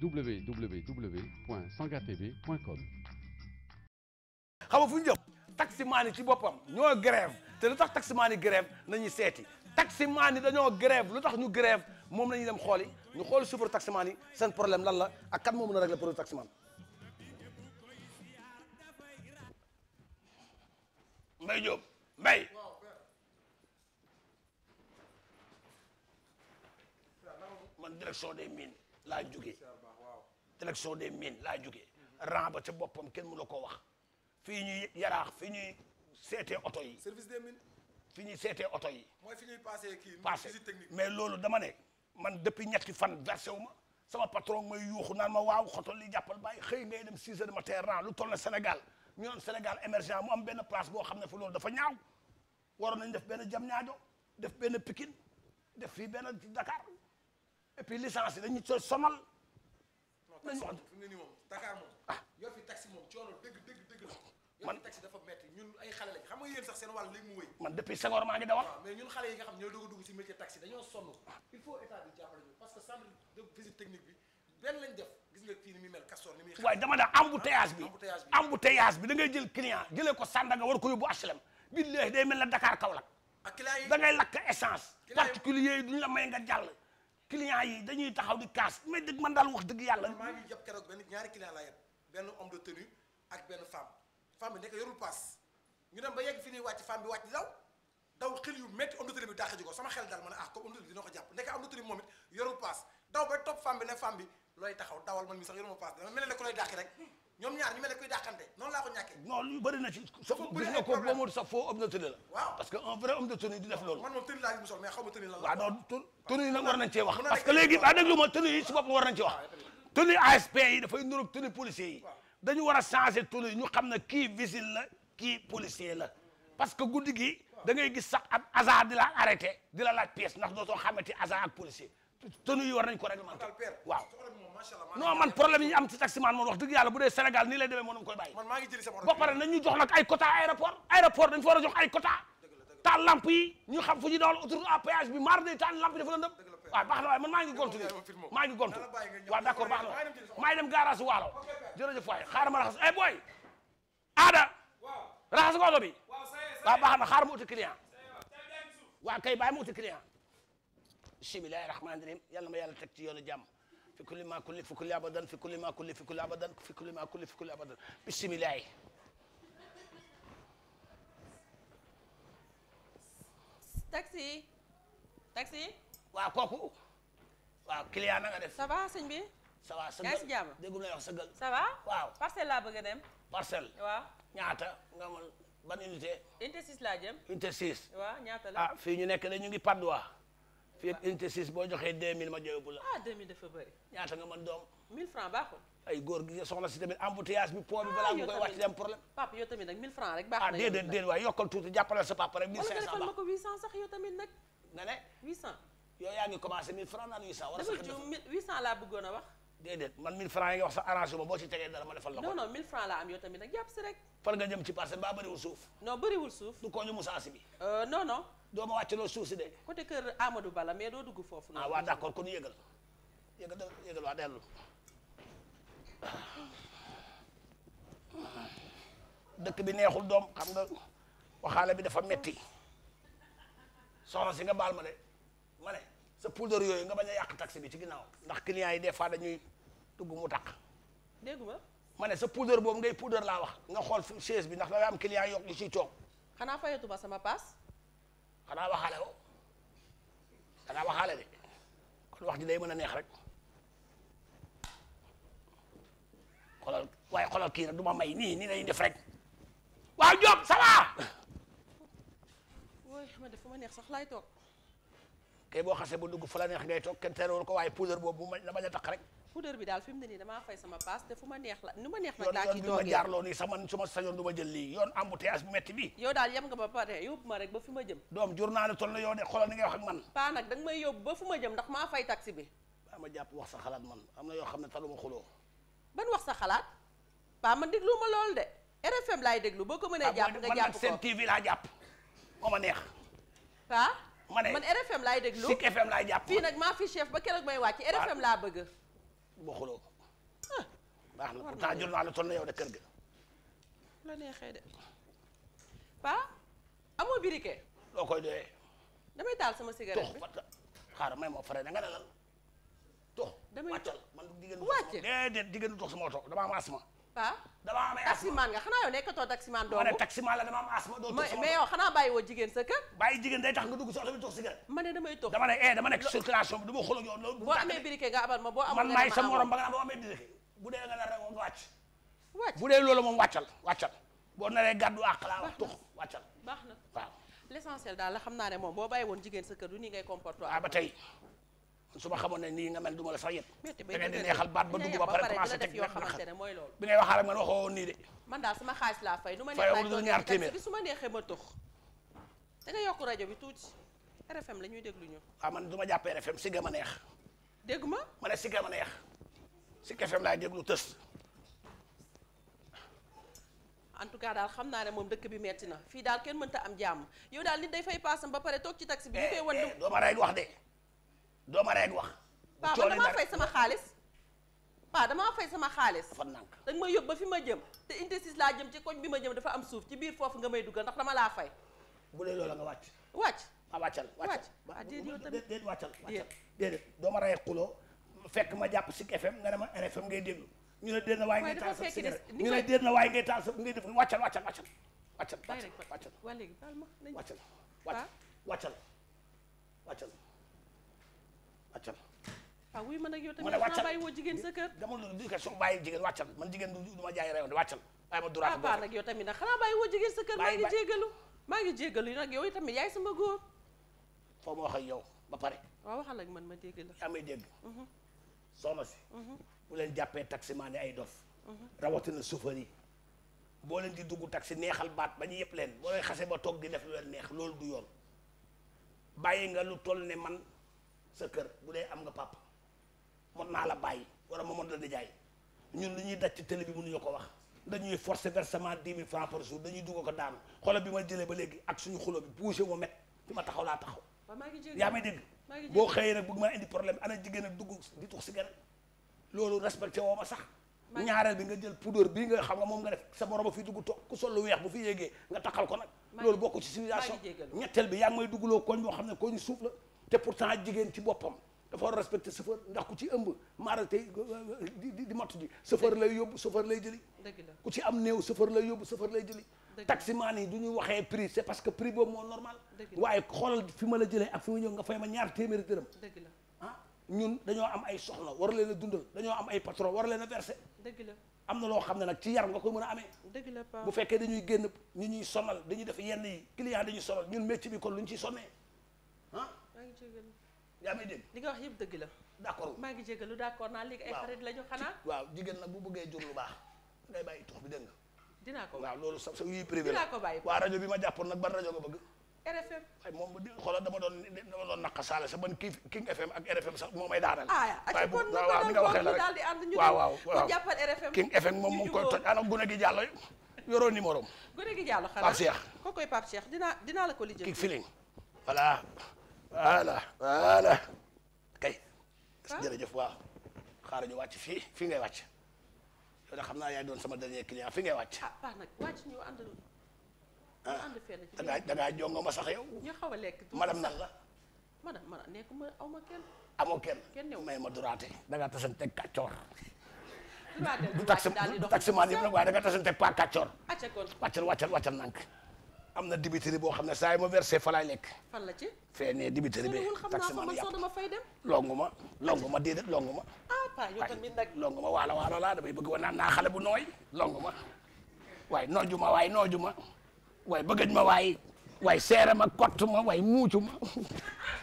www.sangatv.com xam nga fu ñu jëm taximaan yi ci boppam ñoo grève te lu tax taximaan yi grève nañu seeti taximaan yi dañoo grève lu tax ñu grève moom la ñuy dem xooli ñu xooli chauffeur taximaan yi seen problème lan la ak kan moo mën a régler problème taximaan Mbay Jóob Mbay man direction des laa jugee direction de mines laa jugee rang ba ca boppam kenn mu la ko wax fii ñuy yaraax fi ñuy seetee oto yi service des mines fi ñuy seete oto yi mooy fi ñuy passé kii passé mais loolu dama ne man depuis ñetti fan versé wu ma sama patron may yuuxu naan ma waaw xotol li jàppal bàyyi xëy ngay dem 6 heures de matin lu toll na Sénégal ñu doon Sénégal émergent mu am benn place boo xam ne fa loolu dafa ñaaw waroon nañ def benn jam Diamniadio def benn Pikine def fii benn Dakar et puis licence yi dañu ci somal. non taxi moom fi mu ne nii moom Dakar moom. Ah. a ah. dama ne embouteillage bi embouteillage bi da jël client jëlee ko Sandaga war ko yóbbu HLM. billahi day mel ne Dakar Kaolack. da ngay lakk essence particulier yi duñ la may nga jàll client yi dañuy taxaw di kaas mais dëgg man daal wax dëgg yàlla. maa ngi yëpp keroog benn ñaari client laa yëpp benn homme de tenue ak benn femme femme bi nekk yorul paas daw daw sama xel daal ma ah, topp femme bi ne femme bi looy taxaw dawal man mi sax yoruma paas dama mel ne ku lay rek ñoom ñaar ñu mel ne kuy dàqante noonu laa ko ñàkkee non lu bëri ko boo sa faux homme de la parce que un vrai homme de tenue di loolu man moom tenue la war nañ cee wax parce que léegi waa ah, déglu ma tenue yi si boppam war nañ cee wax ah, tenue ASP yi dafay nuroog tenue policier yi dañu war a changer tenue yi ñu la kii parce que guddi gi da gis sax ab hasard di la arrêté di la laaj pièce ndax dootoo xamati hasard ak policier tenue yi war nañ ko réglementer waaw non man problème yi ñu am ci taximaan moom wax dëgg yàlla bu dee Sénégal nii lay demee moom koy bàyyi. man maa ngi jëli sama ba pare nañ ñu jox nag ay quota aéroport aéroport dañ fa a jox ay quota taal lamp yi ñu xam fu ñu dawal autoroute bi maar day taal lamp yi dafa lëndëm waaw baax na waaye man maa ngi gontu nii na maa ngi dem garage waalo jërëjëf waay xaaral ma raxas ay eh, booy aada raxas nga bi waaw baax na xaaral ma uti client waaw kay bàyyi ma uti client bismillahi rahmaani rahim yàlla ma yàlla teg ci yoonu jàmm fi kulli maa kulli fi kulli abadan fi kulli maa kulli fi kulli abadan fi kulli maa kulli fi kulli abadan bisimilaay taxi taxi waaw kooku waaw client na nga def ça va sëñ bi ça va sëgal yaa ngi si jàmm déggum lay wax sëgal ça va waaw parcelle laa bëgg a dem parcelle waaw ñaata nga amal ban unité unité 6 laa jëm unité 6 waaw ñaata la ah fii ñu nekk de ñu ngi Patte d'Oie fii ak unité boo joxee 2000 ma jooy bu la. ah 2000 dafa bëri. ñaata nga mën doom. 1000 francs baaxul. ay góor gi soxna si tamit embouteillage bi poids bi ah, balaa nga koy wàcc dem problème. Ah, papa yow nag 1000 yaa ngi commencé 1000 francs naan 800. francs yi nga wax sa arrangé ma boo ci tegee dara ma defal non non 1000 francs laa am yow nag jàpp si rek. fan nga jëm ci parce que ba suuf. non bëriwul suuf. du ko ñu doo ma wàcc loolu suuf si de. côté kër amadu Bala mais doo dugg foofu. ah waa d' accord kon yëgal yëgal yëgal waa dellu dëkk bi neexul doom xam nga waxaale bi dafa metti soxna si nga baal ma de ma sa poudre yooyu nga bañ a yàq taxi bi ci ginnaaw ndax clients yi des fois dañuy dugg mu taq dégg ma ma ne sa poudre boobu ngay poudre laa wax nga xool chaise bi ndax dafay am client yokk yu ciy toog xanaa fayatu ba sama paas xanaa waxaale ko xanaa waxaale de kon wax ji day mën a neex rek xoolal waaye xoolal kii nag du ma may nii nii lay def rek waa Diop ça va. wóoy ma def ma neex sax laay toog. kay boo xasee ba dugg fa la neex ngay toog kenn teerewul ko waaye puudar boobu ma la bañ a tax rek. poudre bi daal fi mu ne nii damaa fay sama paas te fu ma neex la nu ma neex nag laa ci toogee yoon bi ma jaarloo nii sama su ma sañoon du ma jël lii yoon embouteillage bu metti bi yow daal yem nga ba pare yóbbu ma rek ba fi ma jëm doom jur naa la toll na yow de xoolal ni ngay wax ak man paa nag da nga may yóbbu ba fu ma jëm ndax maa fay taxi bi baa ma jàpp wax sa xalaat man am na yoo xam ne taluma xuloo ban wax sa xalaat paa man déglu ma lool de RFM laay déglu boo ko mënee ah, jàpp nga jàpp ko seen TV laa jàpp moo ma neex paa man RFM laay déglu Zik FM laay jàpp fii nag maa fi chef ba keroog may wàcc RFM laa bëgg boo xuloo ko baax na pourtant jur naa la ton na yow de kër ga la neexee de paa amoo birike loo koy doyee damay taal sama cigarette bi xaaral may moo fare da nga dalal tox damay wàccal man du diggéen wàcc sama oto dama am asma paa dama amee taximaan nga xanaa yow nekkatoo taximaan doomu ma ne taximaan la dama am asma doo mais yow xanaa bàyyi woo jigéen sa kër bàyyi jigéen day tax nga dugg si oto bi toog si kër ma ne eh, ma boo amee briquet nga abal ma boo amul man maay sa morom ba nga naan boo amee briquet bu dee loolu moom wàccal wàccal boo naree gàddu àq laa wax wàccal baax na waaw l'essentiel daal la xam naa ne moom boo bàyyi woon jigéen sa kër du nii ngay comporter ah, ba tey su ma xamoon ne nii nga mel duma ma la sax yet da ngeen di neexal baat ba dugg ba pare commencé teg bi ngay waxaar ak man waxoo woon nii de man daal sama xaalis laa fay nu ma neexee ñaar téeméer bi su da nga yokk rajo bi tuuti RFM la déglu ñu waaw ah, man du ma jàpp RFM si ma neex dégg ma ma ne si ma neex si FM laay déglu tës en tout cas daal xam naa ne moom dëkk bi metti na fii daal kenn mënta am jàmm yow daal nit day fay paasam ba pare toog ci taxi bi ñu koy eh, wan eh, doo ma rey wax de doo ma reen wax. coono na damaa fay sama xaalis. paa damaa fay sama xaalis. dafa nànk da nga may yóbbu ba fi ma jëm. te indécis laa jëm ci koñ bi ma jëm dafa am suuf ci biir foofu nga may duggal ndax dama laa fay. bu dee loola nga wàcc. wàcc ah wàccal. wàcc ah déedéet yow tamit déedéet wàccal. déedéet déedéet doo ma rey xuloo fekk ma jàpp Zik FM nga ne ma RFM ngay déglu ñu ne déet na waaye ngay taal sa cigarette ñu ne déet na waaye ngay taal sa ngay def wàccal wàccal wàccal wàccal wàccal wàccal wàccal wàccal wàccal waaw ah, wuy man ak yow tamit xanaa bàyyi woo jigéen sa kër dama man jigéen du ma jaay reewande wàccal waaye ma duraat ah, baax nag yow tamit nag xanaa bàyyi woo jigéen sa kër maa ngi jégalu maa ngi jégalu nag yow tamit yaay sama góor foo ma wax ak yow ba pare waaw waxal ak man ma dégg la yaa may dégg mhm. soxna si mhm. bu leen jàppee taximaan ay dof mhm. rawatina chauffeur yi boo leen di dugg si neexal baat ba ñu yëpp leen boo leen xase ba toog di def lu neex loolu du yoon bàyyi sa kër bu dee am nga papa mën naa la bàyyi wala ma mën la di jaay ñun li ñuy daj ci télé bi mënuñu ko wax dañuy forcer versement dix mille francs par jour dañuy dugg ko daanu xoolal bi ma jëlee ba léegi ak suñu xulo bi bougé wu ma met fi ma taxaw laa taxaw. yaa may dégg. boo xëyee nag bëgg maa indi problème ana jigéen ak dugg di tux cigarette loolu respecté woo ma sax. ñaareel bi nga jël poudre bii nga xam nga moom nga def sa morom a fi dugg toog ku sol lu weex bu fi yéegee nga taxal ko nag. loolu bokk ci ñetteel bi yaa ngi may duggloo koñ ne koñ suuf la te pourtant jigéen ci boppam dafa war a respecter chauffeur ndax ku ci ëmb maara tey euh, euh, di di di matu lay yóbbu chauffeur lay jëli ku ci am néew chauffeur lay yóbbu chauffeur lay jëli taximaan yi du ñu waxee prix c'est parce que prix boobu moo normal waaye xoolal fi ma la jëlee ak fi ma ñëw nga fay ma ñaar téeméeri dërëm ah ñun dañoo am ay soxla war leen a dundal dañoo am ay patron war leen a verser dëgg la am na loo xam ne nag ci yar nga koy mën a amee dëgg la bu fekkee dañuy génn ñu ñuy sonal dañuy def yenn yi client dañuy sonal ñun métier ñu ciy jégalu. yaa li nga wax yëpp dëgg la. d' accord maa ngi jégalu d' accord naa léegi ay xarit lañu xanaa. waaw jigéen nag bu bëggee jur lu baax ngay bàyyi tox bi dégg dinaa ko la dinaa ko bàyyi. waa rajo bi ma waaw la rek waaw King FM moom mu koy toj ana gune gi jàll yoroo numéro gune gi jàll xanaa Pape Cheikh. kooku koy Pape dinaa la ko lijjanti. King Feeling voilà. voilà voilà kay ah. jërëjëf waaw xaaral ñu wàcc fii fii ngay wàcc yow da xam naa yaay doon sama dernier client fii ngay wàcc ah baax nag wàcc ñu ànd ah. da ngaa da ngaa jongo ma sax yow ñu xaw a lekk madame nan la madame ma nekkuma aw ma kenn amoo kenn may ma duraate da ngaa tasanteeg kàccoor du taxi du taximaan yëpp nag waaye da ngaa tasanteeg pas kàccoor wàccal wàccal wàccal nànk am na dibiteri boo xam ne saa yi ma versé fa laay lekk. fan la ci fee nee dibiteri bee. taxi ma yàpp dama fay longu ma longu ma déedéet longu ma. ah paa yow tamit nag. longu ma waala bëgg wa naan naa xale bu nooy. longu ma waaye nooju ma waay nooju ma waaye ma waaye waaye seere ma kott ma waaye muucu ma.